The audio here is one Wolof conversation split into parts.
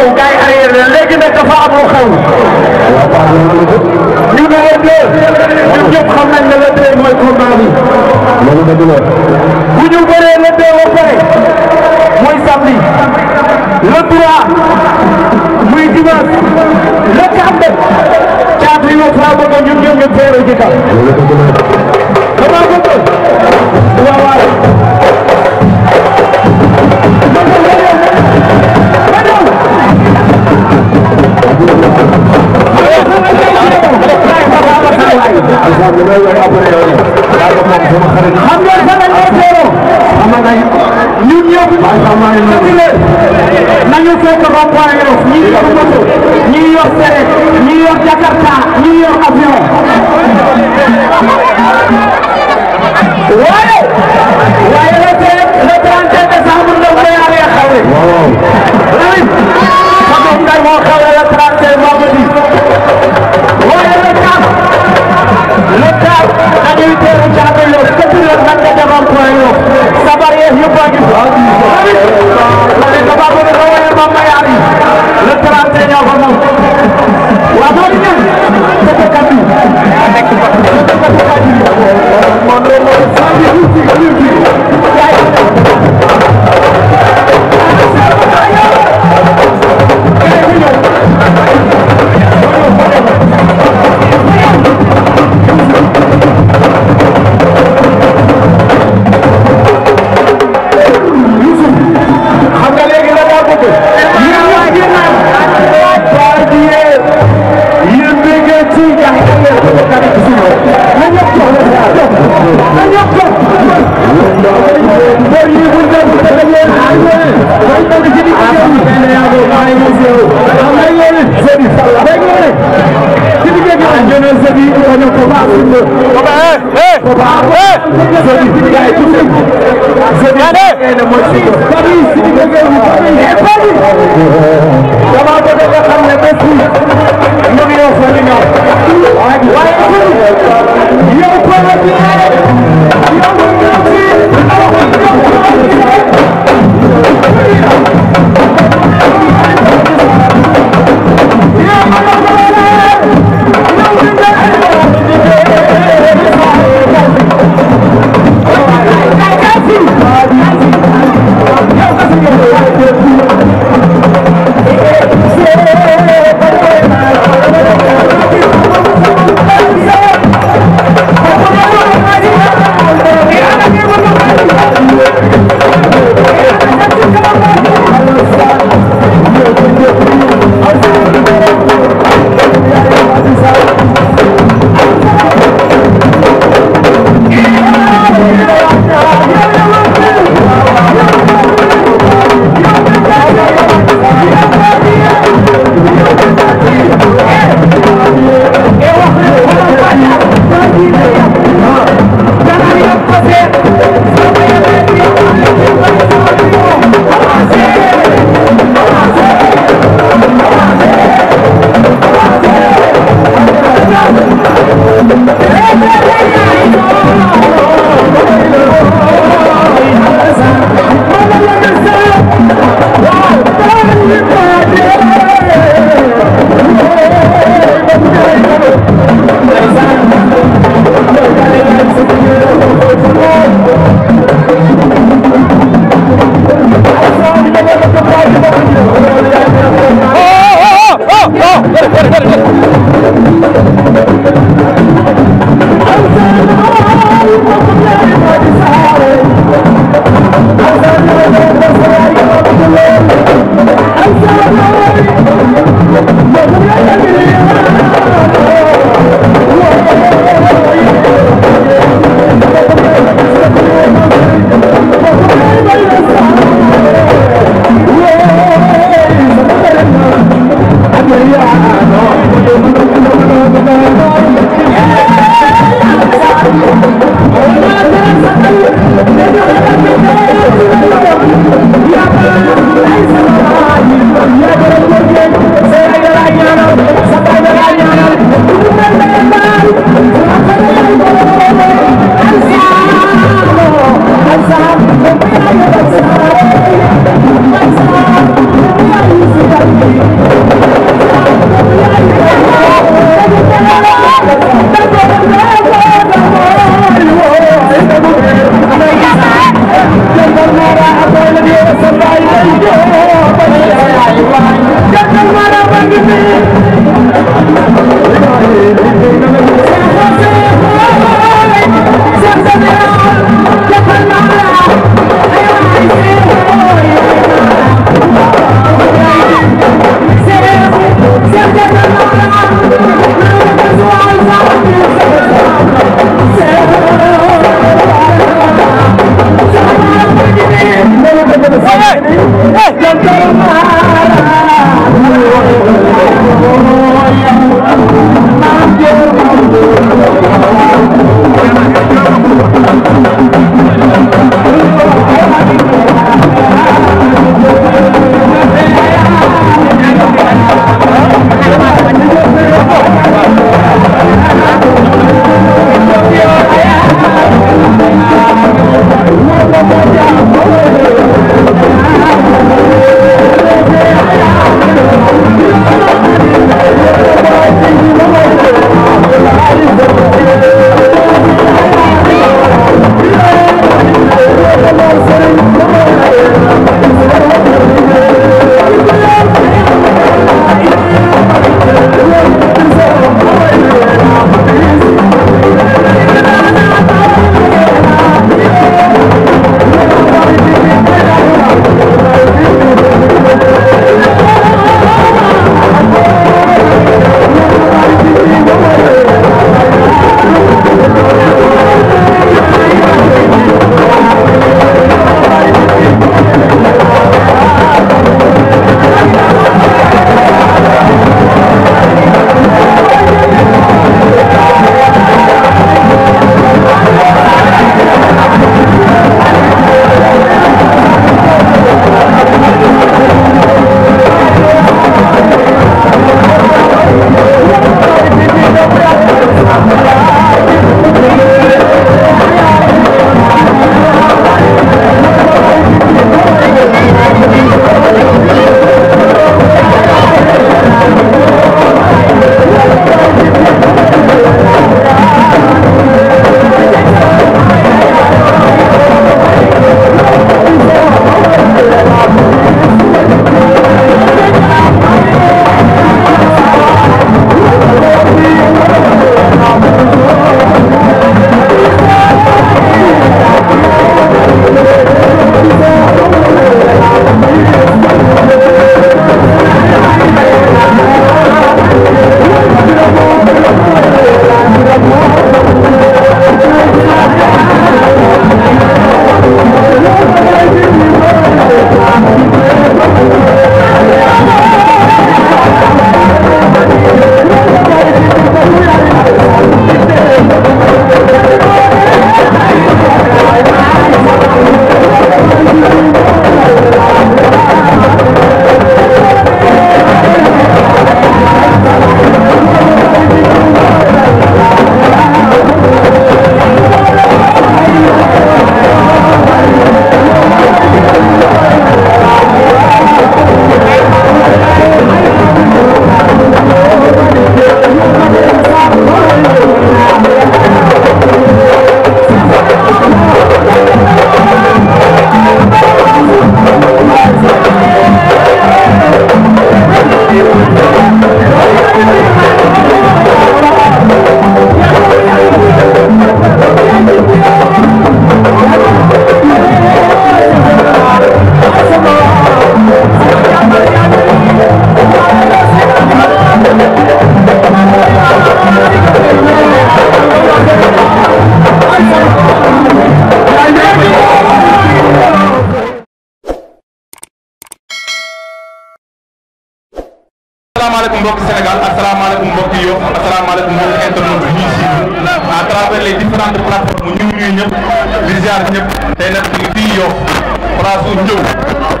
ñëw gars yi arrière la léegi nag dafa am lu xew. ñu ne la deux ñun ñëpp xam nañ ne la deux mooy combat bi. bu ñu bëree la deux ba pare mooy samedi le trois muy dimanche le quatre caat li bai wani ne ba ni ni jakarta ni wow sabar yeeg yëpp a ngi fi dafa bëgg a rawee ba mayaar yi le trente ñoo ko moom waa moo di ñëw dëkk kat bi dama bëgg nga xam ne les différentes plateformes ñu ngi nuyu ñëpp di ziar ñëpp tey nag ñu ngi fii Yoff place u ñëw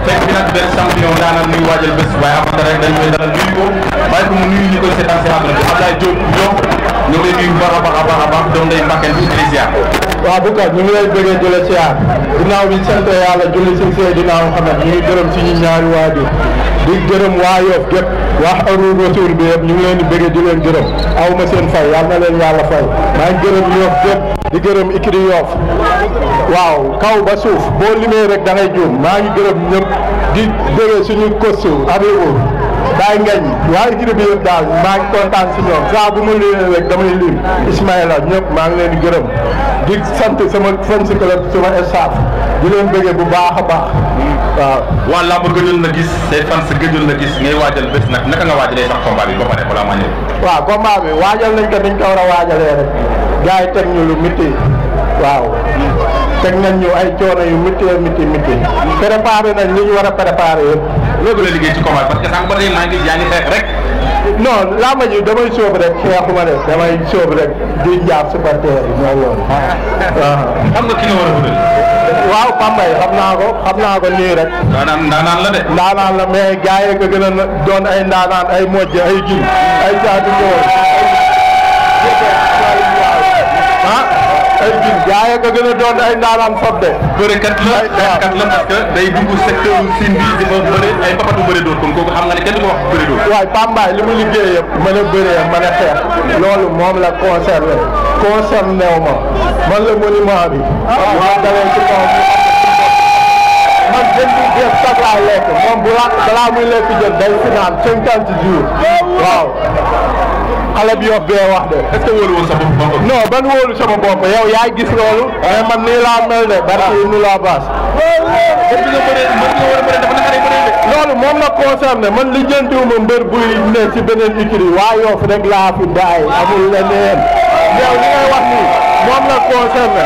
fekk fi nag benn champion daanaka ñuy waajal bés waaye avant rek dañ koy dalal nuyu ko bàyyi ko mu nuyu ñu koy seetaan si àdduna bi ñu ngi lay nuyu bu a a baax a baax doom day mbàkkeel bi di ziar. waaw bu ko ñu bëggee di la ziar ginnaaw bi sant yàlla julli si Seydina Muhammad ñu ngi gërëm suñu ñaari waajur di gërëm waa Yoff gépp wax Arru Rasul bi yëpp ñu ngi leen di bëggee di leen gërëm aw ma seen fay yàlla na leen yàlla fay maa ngi gërëm Yoff gépp di gërëm Ikri Yoff waaw kaw ba suuf boo limee rek da ngay maa ngi gërëm ñëpp di bëggee suñu kostu Abibu Baye Ngañ waa équipe bi yëpp daal maa ngi kontaan si ñoom saa bu ma leen rek damay lim Ismaïla ñëpp maa ngi leen di gërëm di sant sama fan si club sama staff di leen bëggee bu baax a baax waaw. waa làmb gëjoon la gis say fan sa gëjoon na gis ngay waajal bés nag naka nga waajalee sax combat bi ba pare balaa maa ñëw. waaw combat bi waajal nañ ko dañ ko war a waajalee rek gaa yi teg ñu lu métti waaw. teg nañ ñu ay coono yu métti métti métti préparé nañ li ñu war a préparé yëpp. loo gën a liggéey ci combat parce que sànq ba tey maa ngi yaa ngi xeex rek. non làmb ji damay sóob rek xeexuma de damay sóob rek di njaab supporter yi mooy loolu. waaw xam nga ki nga war a bëri. waaw Pambay xam naa ko xam naa ko nii rek. ndaanaan ndaanaan la de. ndaanaan la mais gars yi nga gën a doon ay ndaanaan ay mojj ay ji ay jaadu ñëwoon. waaye ka gën a doon ay ndaanaan fab de. bërekat la bërekat la parce que day dugg secteur siin bi di fa bëri ay papatu bëri doon kon kooku xam nga ne kenn du ko wax bëri doon. waaye Pambaay li mu liggéey yëpp mën a bëree mën a xeex loolu moom la concerné concerné wu ma man la monument bi. waaw waaw dalee ci kaw man jën bi jeex sax laa lekk moom bu la balaa muy lekk jën day fi naan cinquante jours waaw. xale bi yof bee wax de. est ban wóolu sama bopp yow yaay gis loolu. mais man nii laa mel de. barke yi laa baas. loolu moom la concerné man lijjantiwu ma mbër buy ne si beneen écrit waa yoof rek laa fi bàyyi amul leneen yow li wax nii moom la concerné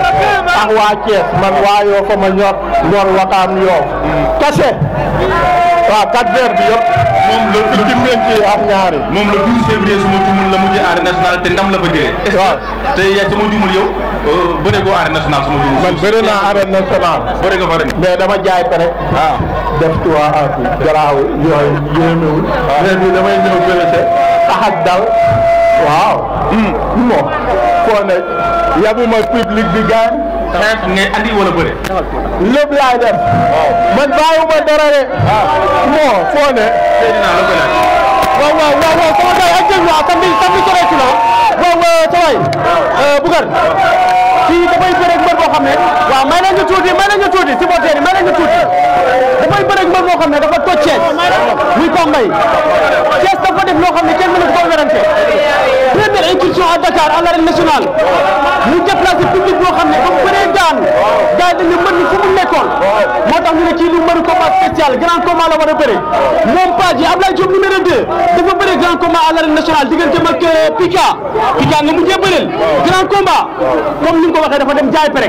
ak waa Thiès man waa yoofa ma ñor ñor wakaam yoof kase waaw quatre heures bi yëpp. moom la fi ci mën ci am ñaari. moom la 12 février su ma jumul la mujjee arène nationale te ndam la ba jëlee. waaw te yaa ci ma jumul yow euh, bëre goo arène su ma jumul. man bëre naa arène nationale. bëre nga fa ren. mais dama jaay pare. waaw ah. def trois ans garaaw waaw ah. léegi damay ñëw bëre te taxaj hmm. public bi gaan. xeex ngay andi wala man bàyyiwuma dara de. non foo ne. dinaa la ko laaj. waaw waaw waaw waaw sama gars yi kii dafay bëreeg mbër boo xam ne waaw may nañu tuuti may nañu tuuti si boteer yi may nañu tuuti dafay bëreeg mbër boo ne dafa toj Thiès muy Bambey Thiès dafa def loo xam ne kenn mënu ko werante première incursion à Dakar à l'arène nationale mu déplacé public boo xam ne ba mu bëree daan gars yi dañu mën fu mu nekkoon moo tax ñu ne kii lu mën combat spécial grand combat la war a bëre moom Paji Abdoulaye Diop numéro 2 dafa bëre grand combat à l'arène nationale ko waxee dafa dem jaay pare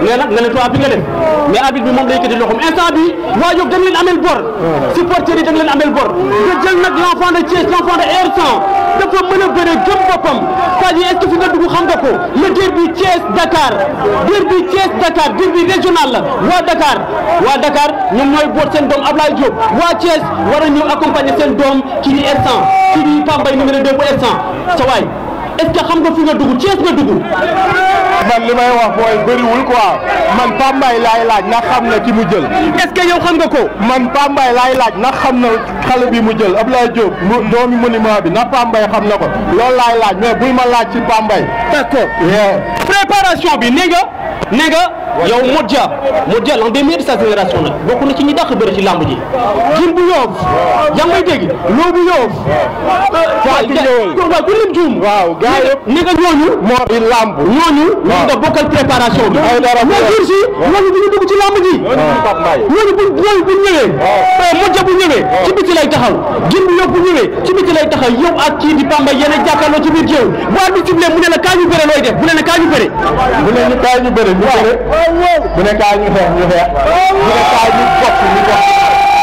nga ne toi bi nga def mais arbitre bi moom day yëkkati loxoom instant bi waa Yoff da amel bor supporter yi amel bor nga jël nag l' de Thiès l' enfant de R100 dafa mën a bëre gëm boppam cest à fi nga dugg xam nga ko derby Thiès Dakar derby Thiès Dakar derby régional la waa Dakar waa Dakar ñoom ñooy boot seen doom Ablaye Diop waa Thiès war a ñëw accompagner seen doom ci di r Pambay numéro 2 bu R100 sa est-ce que xam nga fi nga dugg Thiès nga dugg. man li may wax bariwul ko quoi man Pambaay laay laaj na xam na ki mu jël. est-ce que yow xam nga ko. man Pambaay laay laaj na xam na xale bi mu jël Abdoulaye Diop mu doomi monument bi na Pambaay xam na ko lool laay laaj mais bul ma laaj ci Pambaay. d'accord. préparation bi nee nga yow Modja Modja l'un des meilleurs de sa génération nag bokk na ci ñi dàq bëri ci làmb ji. jin bu yoof yaa ngi may dégg loo bu yoof. waaw ku lim juum. waaw gars yëpp ni nga ñooñu. moo di làmb ñooñu. waaw nga bi. ci dara bu si ñooñu bu ñu dugg ci làmb ji. ñooñu bu ñooñu bu ñëwee. Modja bu ñëwee. ci biti lay taxaw jin bu yoof bu ñëwee ci biti lay taxaw yow ak kii di Bamba yéen a jàkkaarloo ci biir jiw bu at bi mu ne la kaa ñu bëre looy def ne la kaa ñu bëre. ne ñu kaa ñu bu ne ñu xeex ñu xeex bu ne kaay ñu box ñu box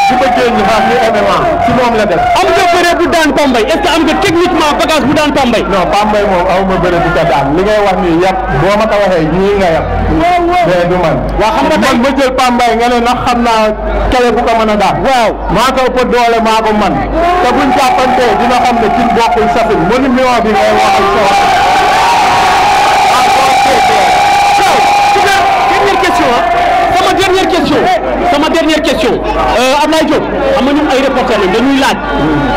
su bëggee ñu xaar ñu MMA ci moom la def. am nga bëre bu daan Pambay est-ce que am nga techniquement bagage bu daan Pambay. non Pambay moom aw ma bëre bu daan li ngay wax nii yàpp boo ma ko waxee ñii nga yàpp. mais du man. waaw ma jël Pambay nga ne ndax xam naa kele bu ko mën a daan. waaw maa ko man te buñ jàppantee dina xam ne kin bokkul safin mënu million bi ngay waxal sa Ablaye Diop xam nga ñun ay reporter lañ dañuy laaj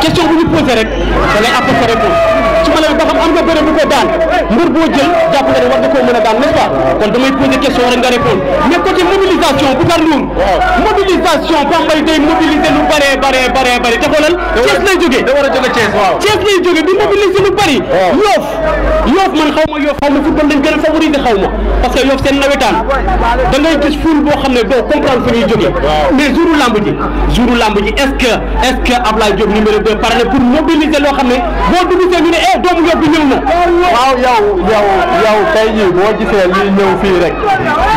question bu ñu posé rek da ngay apporté réponse su ma la ba xam am nga bëre bu ko daan mbir boo jël jàpp nga ne war nga koo mën a daan n'est-ce pas kon damay posé question rek nga répondre mais côté mobilisation bu gar nuun ba Bambey day mobiliser lu bëree bëree bëree bëri te xoolal Thiès lay jógee Thiès lay jógee di mobiliser lu bëri yoof yoof man xaw ma yoof xaw ma football lañ gën a favoriser xaw ma parce que yoof seen nawetaan da ngay gis ful boo xam ne doo comprendre fa ñuy jógee mais jouru lamb ji jouru lamb ji est ce que est ce que Ablaye Diop numéro 2 pare na pour mobiliser loo xam ne boo dugg ñu ne eh doomu yoof bi ñëw na waaw yow yow yow tey jii boo gisee lii ñëw fii rek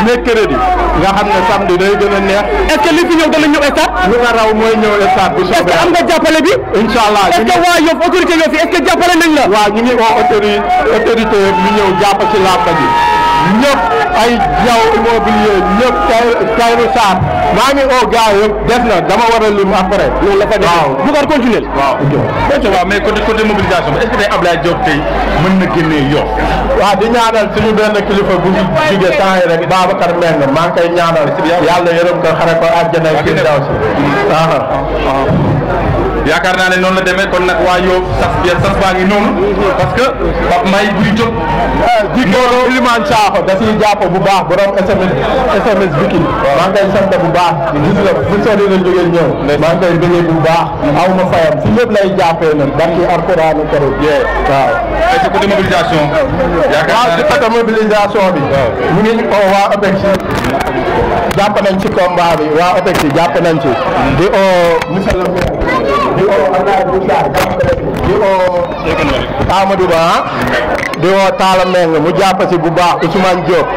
mercredi nga xam ne samedi day gën a neex est ce que li fi ñëw dana ñëw stade lu nga raw mooy ñëw stade bu soobee est ce que am nga jàppale bi incha allah est ce que waa yoof autorité yoof yi est ce que jàppale nañ la waaw ñu ngi oo autorité autorité ñu ñëw jàpp ci làmb ji ñëpp ay jaw immobilier ñëpp kay kayru saar maa ngi oo gars yëpp na dama war a lim après. loolu la fa def waaw bu ko continuer waaw waaw mais côté côté mobilisation est-ce que tey Ablaye Diop tey mën na génnee yoon. waaw di ñaanal suñu benn kilifa bu ñu jugee temps yi rek Babacar Mbengue maa ngi koy ñaanal. yàlla yërëm ko xare ko àjjana a daw si yaakaar naa ne noonu la demee kon nag waa Yoff sas bi sas baa ngi noonu parce que Pape Mbaye buy jóg ah, di ko Iliman Saaxo da jàpp bu baax borom SMS SMS bi kii maa bu baax gis la bu sori la jógee ñëw maa ngi bëggee bu baax aw ma fayam si lépp lay jàppee nag barki alquraan karim waaw côté mobilisation yaakaar naa ne côté mobilisation bi mu ngi oo oh, waa APEX jàpp nañ ci combat bi waa OPEX yi jàpp nañ ci di oo monsieur le di oo Abdoulaye Bouchard jàpp di oo Amadou Ba mu jàpp si bu baax Ousmane Diop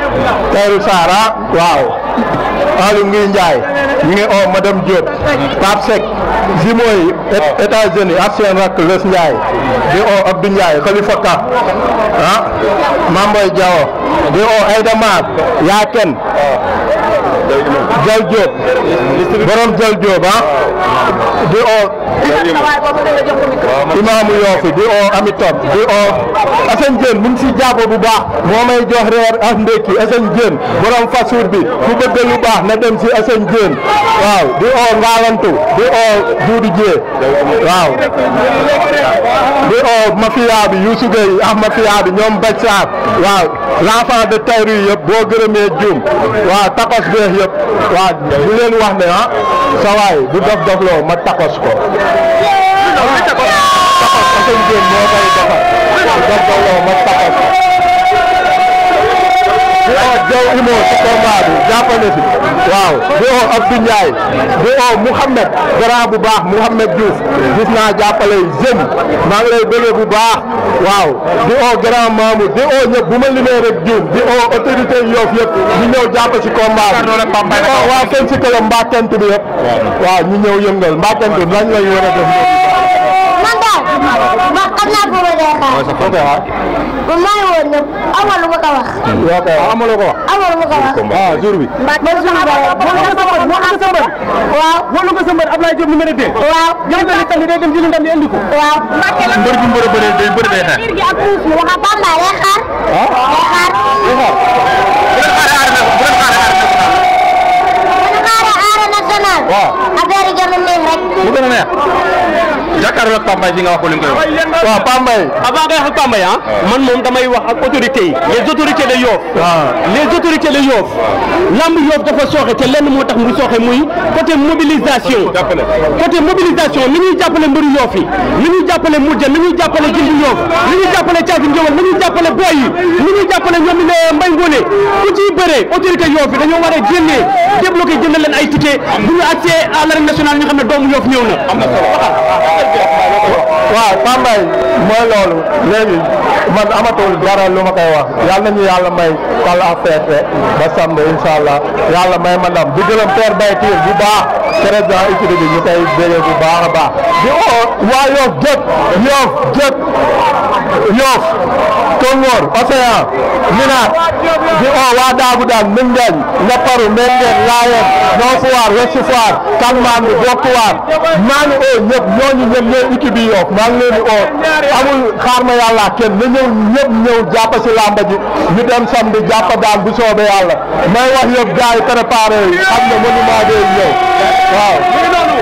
Tayru Sara waaw Aliou Nguy Ndiaye ñu ngi oo madame Diop Pape Seck Zimo yi États-Unis ak rakk Les Ndiaye di oo Abdou Ndiaye Khalifa Ka ah Mamboy di oo Aïda yaa kenn Jal Diop borom Jal Diop ah di o imaamu Yoofi di o Amitom di o Assane Diène mu ngi si bu baax moo jox reer ak ndékki Assane Diène borom fasuur bi ku bëgg lu baax na dem Assane waaw di o di o waaw di o mafia bi Youssou Gueye ah, mafia bi ñoom Bachar waaw l'enfant de Taïru yëpp boo gërëmee waaw beex yëpp waaw di leen wax ne ah sa waay bu dof dofloo ma takos ko takos asan jéem bu dof dofloo ma takos ko di oot jàppale si waaw di oo Abdou Ndiaye di oo Mouhamed grand bu baax Mouhamed Diouf gis naa jàppale jeune maa ngi lay bëggee bu baax waaw di oo grand Mamou di oo ñëpp bu ma limee rek Diouf di oo autorité Yoff yëpp ñu ñëw jàpp ci combat bi waaw kenn si këram mbaa kent bi yëpp waaw ñu ñëw yëngal mbaa kent lañ lay war a def wax xam naa bu ma day xaar. waaw sax foofu lay xaar. man maa amal lu ma ko wax. waaw kay amaloo ko wax. amal lu ma ko wax. ah jour bi. man jour bi waaw man jour bi waaw. moo am sa mbër. waaw wala ko sa mbër Abdoulaye Diop numéro 2. waaw yow nga li tànn day dem jëli ndam di indi ko. waaw. mbër bu mbër bëree day bëri day xeex. jàkkaarloo ak Pape Mbaye fi nga wax ko wax. waaw Pape Mbaye. avant nga wax ak ah, te lenn moo tax mu sooxe muy mobilisation. côté mobilisation ni ñuy jàppale mbiru Yoff yi ni ñuy jàppale Moudia ni ñuy jàppale Jimbi Yoff ni ñuy jàppale Thiatou Ndiobal ni ñuy jàppale Boy yi ni ñuy jàppale ñoom ne Mbaye Ngoné ku ciy bëree autorité Yoff yi dañoo war a génnee débloqué jëndal leen ay ticket bu ñu accès à l'arène nationale ñu xam ne doomu Yoff ñëw na. waaw Pambay mooy loolu léegi man amatul dara lu ma koy wax yal nañu yàlla may kal affaire ba samb incha allah may ma di gërëm Père Baye Tiir bu baax président équipe bi ñu koy béyee baax a di oo waa Yoff jëpp Yoff jëpp Yoff Tongoor Océan Minaat di oo waa Daagu Daan Mbindeen Ndaparu Mbendeen Laayeen Nord Foire Ouest Foire Kàmbaam Bopp Waar maa ngi oo ñëpp ñooñu ñëpp ñooy équipe yi Yoff maa ngi leen di oo amul xaar ma yàlla kenn na ñëw ñëpp jàpp si làmba ji dem samedi jàpp daan bu soobee yàlla may wax yëpp gars yi préparé yi xam ne monument day ñëw waaw